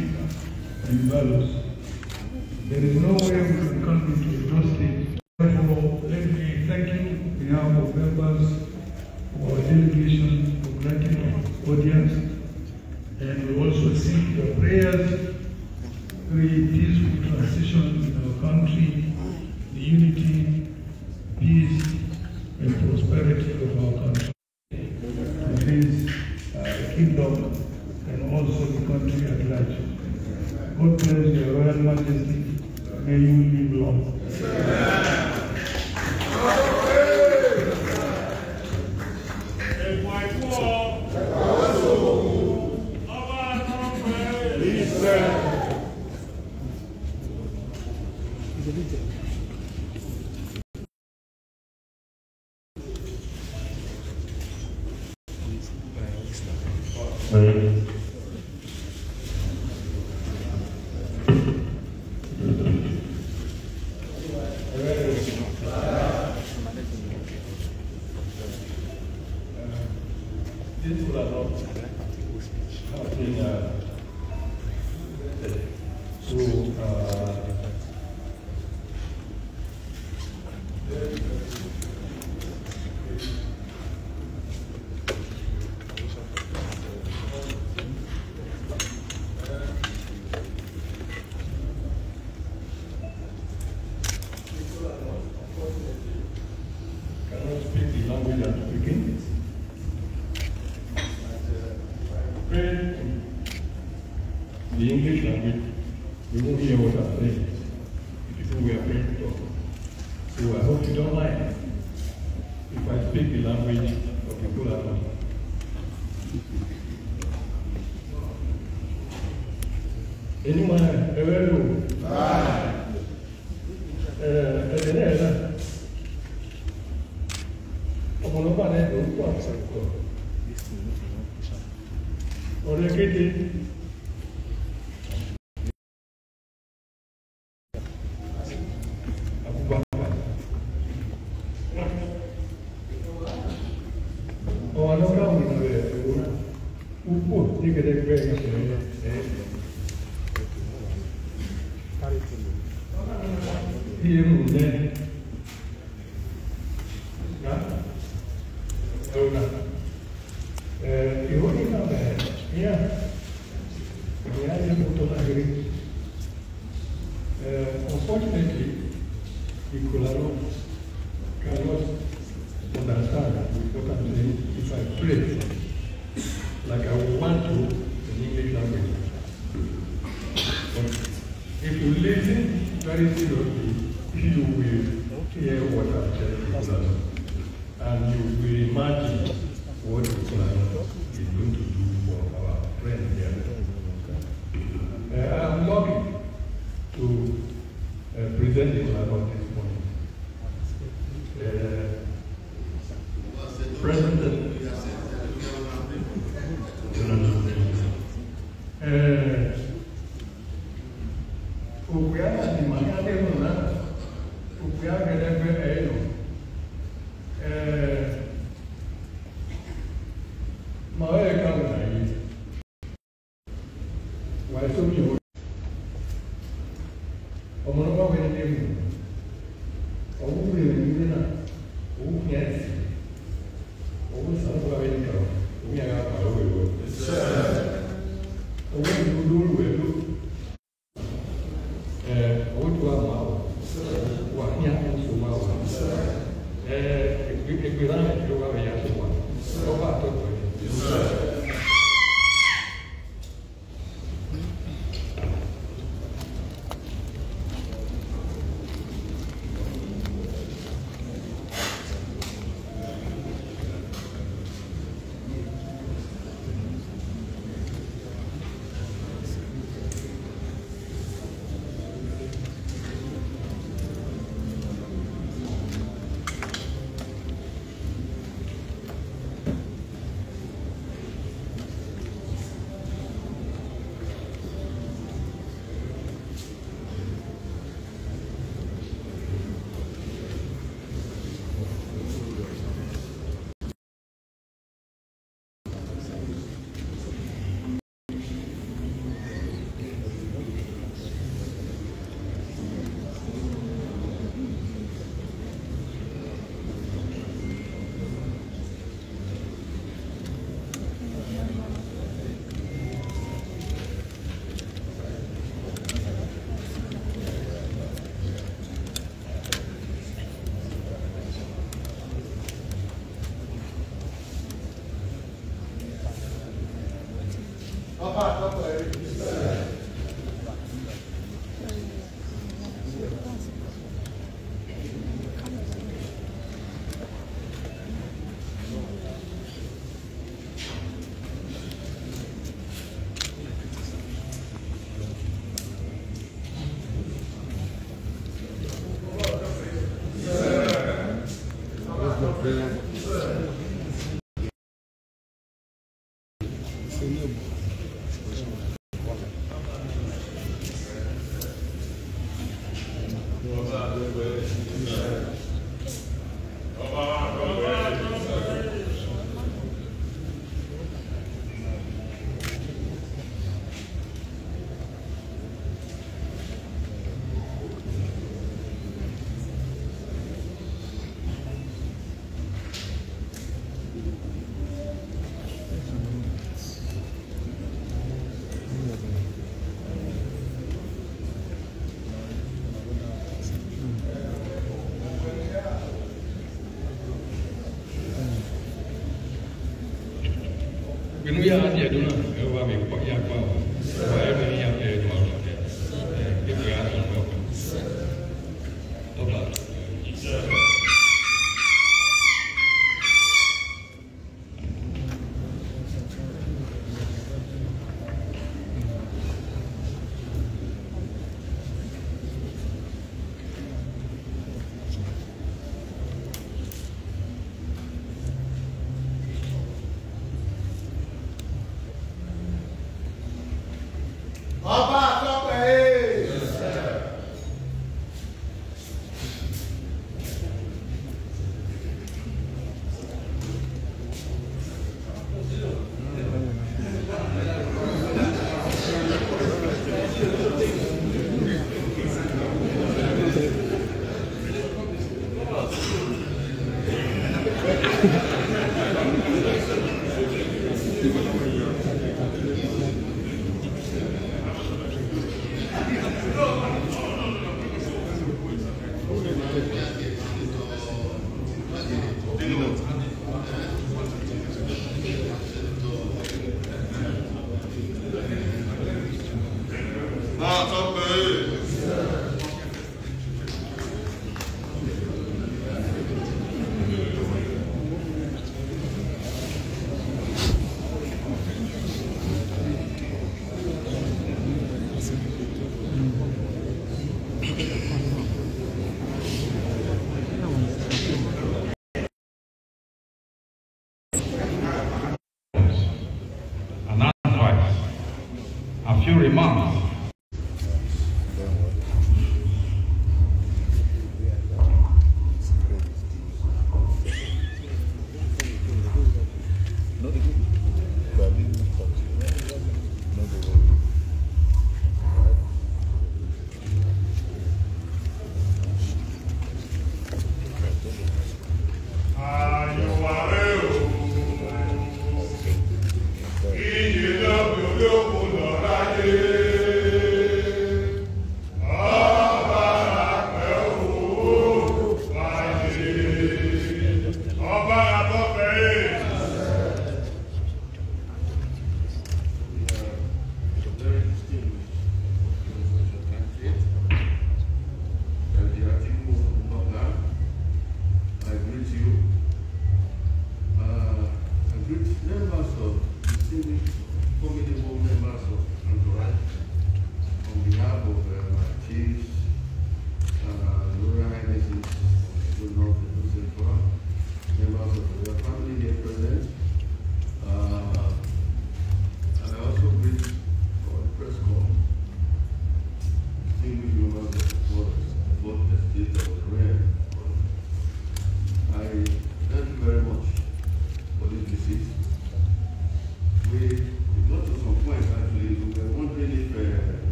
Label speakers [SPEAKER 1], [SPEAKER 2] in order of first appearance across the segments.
[SPEAKER 1] and Belarus, There is no way
[SPEAKER 2] we can come to exhaust it. Therefore, let me thank you on behalf of members
[SPEAKER 1] of our delegation for granting our audience. And we also seek your prayers a peaceful transition in our country, the unity d e n t u r a n o appena su uh, language, you won't hear what I'm saying. People were afraid to talk. So I hope you don't mind if I speak the language of the Kulatan. Anyone, hello? Hi. Ẹ̀ẹ́dẹ̀ náà náà, ọ̀pọ̀lọpọ̀ àná ẹ̀dọ̀ ń pọ̀ àti
[SPEAKER 2] ọ̀pọ̀. Ọ̀rẹ́ kéde.
[SPEAKER 1] you could have everything will hear what i you. O que é a minha terminar,
[SPEAKER 2] o que é a minha
[SPEAKER 1] Equilândia jogava Yachuan. Salvador, por exemplo. seria bom. dulu. Eh, wah, mikpok ya, kau. Obrigado. two remarks.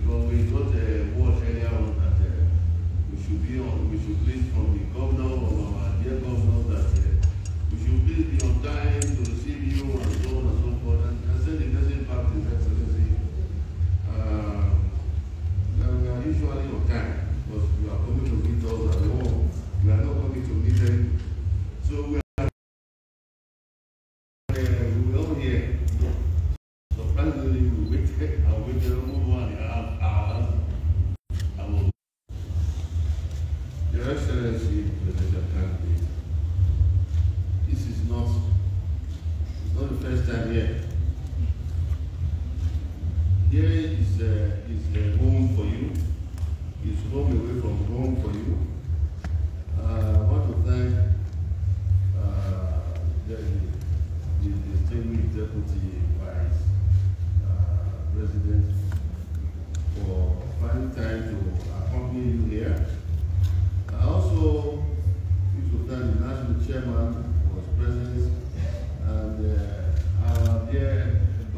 [SPEAKER 1] because we got a watch earlier on that uh, we should be on, we should please from the governor of our dear governor that uh, we should please be on time to receive you and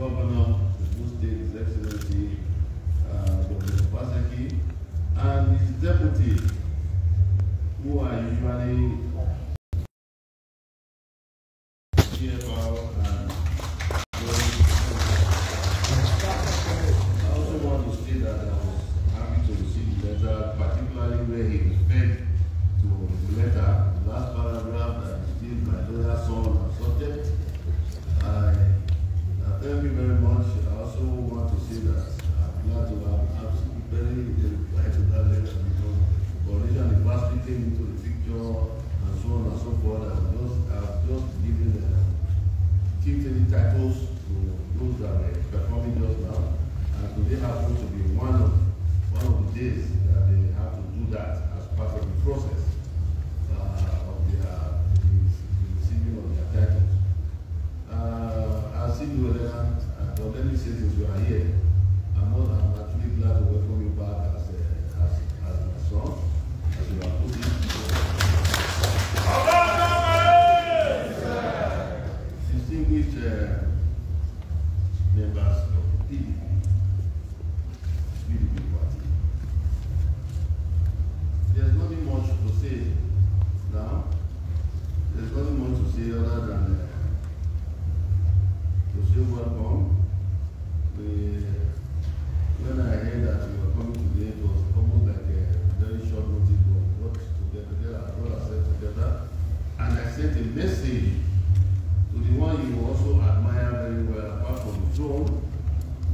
[SPEAKER 1] Governor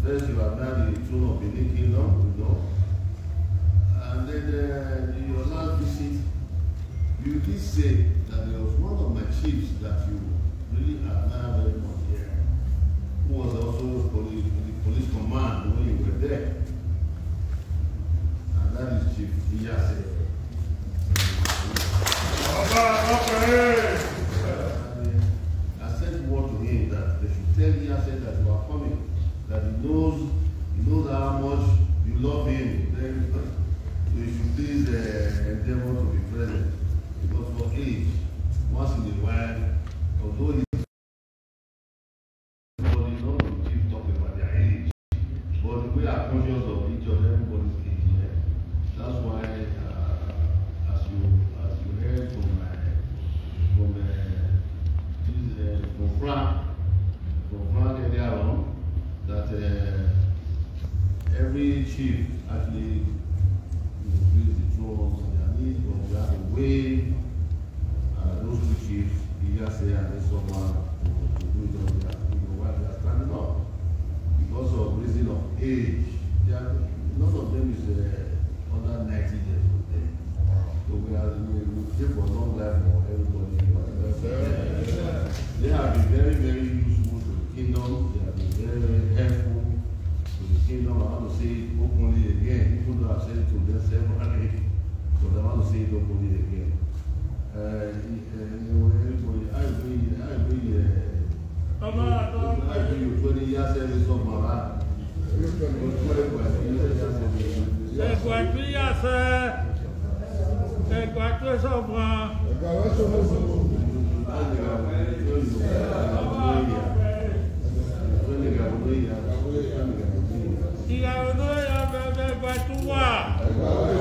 [SPEAKER 1] Then you have now the throne of the kingdom, you know. And then uh, your last visit, you did say that there was one of my chiefs that you really admire very much here, who was also police, the police command when you were there. And that is Chief Iyase. Ọba ọkùnrin. How much you love him. Then,
[SPEAKER 2] uh, if you please, uh,
[SPEAKER 1] from uh, ẹ̀gbà tí yàsẹ́ ẹ̀gbà tí sọ̀bọ̀. ẹ̀gbà wọ́n tó mọ̀ sí wọn. ìyàwó ló yà bẹ̀bẹ̀ bàtú wà. ẹ̀gbà wọ́n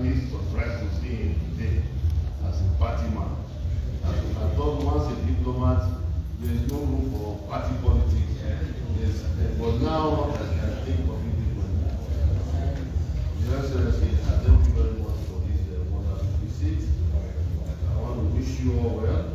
[SPEAKER 1] Calvinist was right to see him today as a party man. As I thought once a diplomat, there is no room for party politics. There's, eh, but now I can think of it differently. Yes, seriously, I thank you very much for this uh, wonderful visit. I want to wish you all well.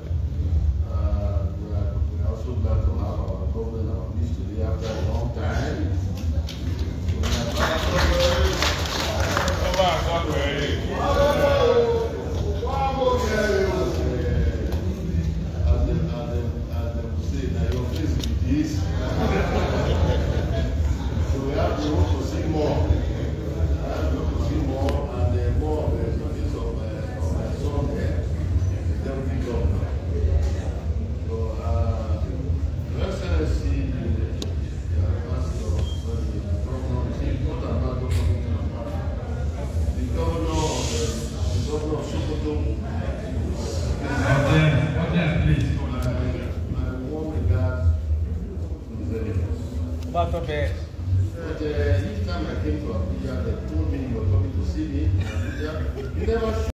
[SPEAKER 2] But uh, each time I came to Abuja, they told me you were coming to see me. Abuja, never.